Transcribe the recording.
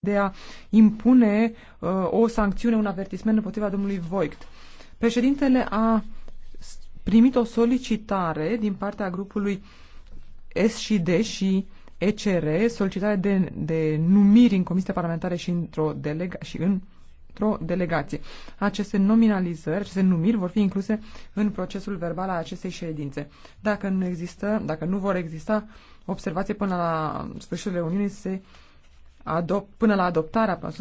de a impune uh, o sancțiune, un avertisment împotriva domnului Voigt. Președintele a primit o solicitare din partea grupului S și D și ECR, solicitare de, de numiri în comisie parlamentare și într-o delega- și în într-o delegație. Aceste nominalizări, aceste numiri vor fi incluse în procesul verbal al acestei ședințe. Dacă nu există, dacă nu vor exista observații până la sfârșitul reuniunii, se până la adoptarea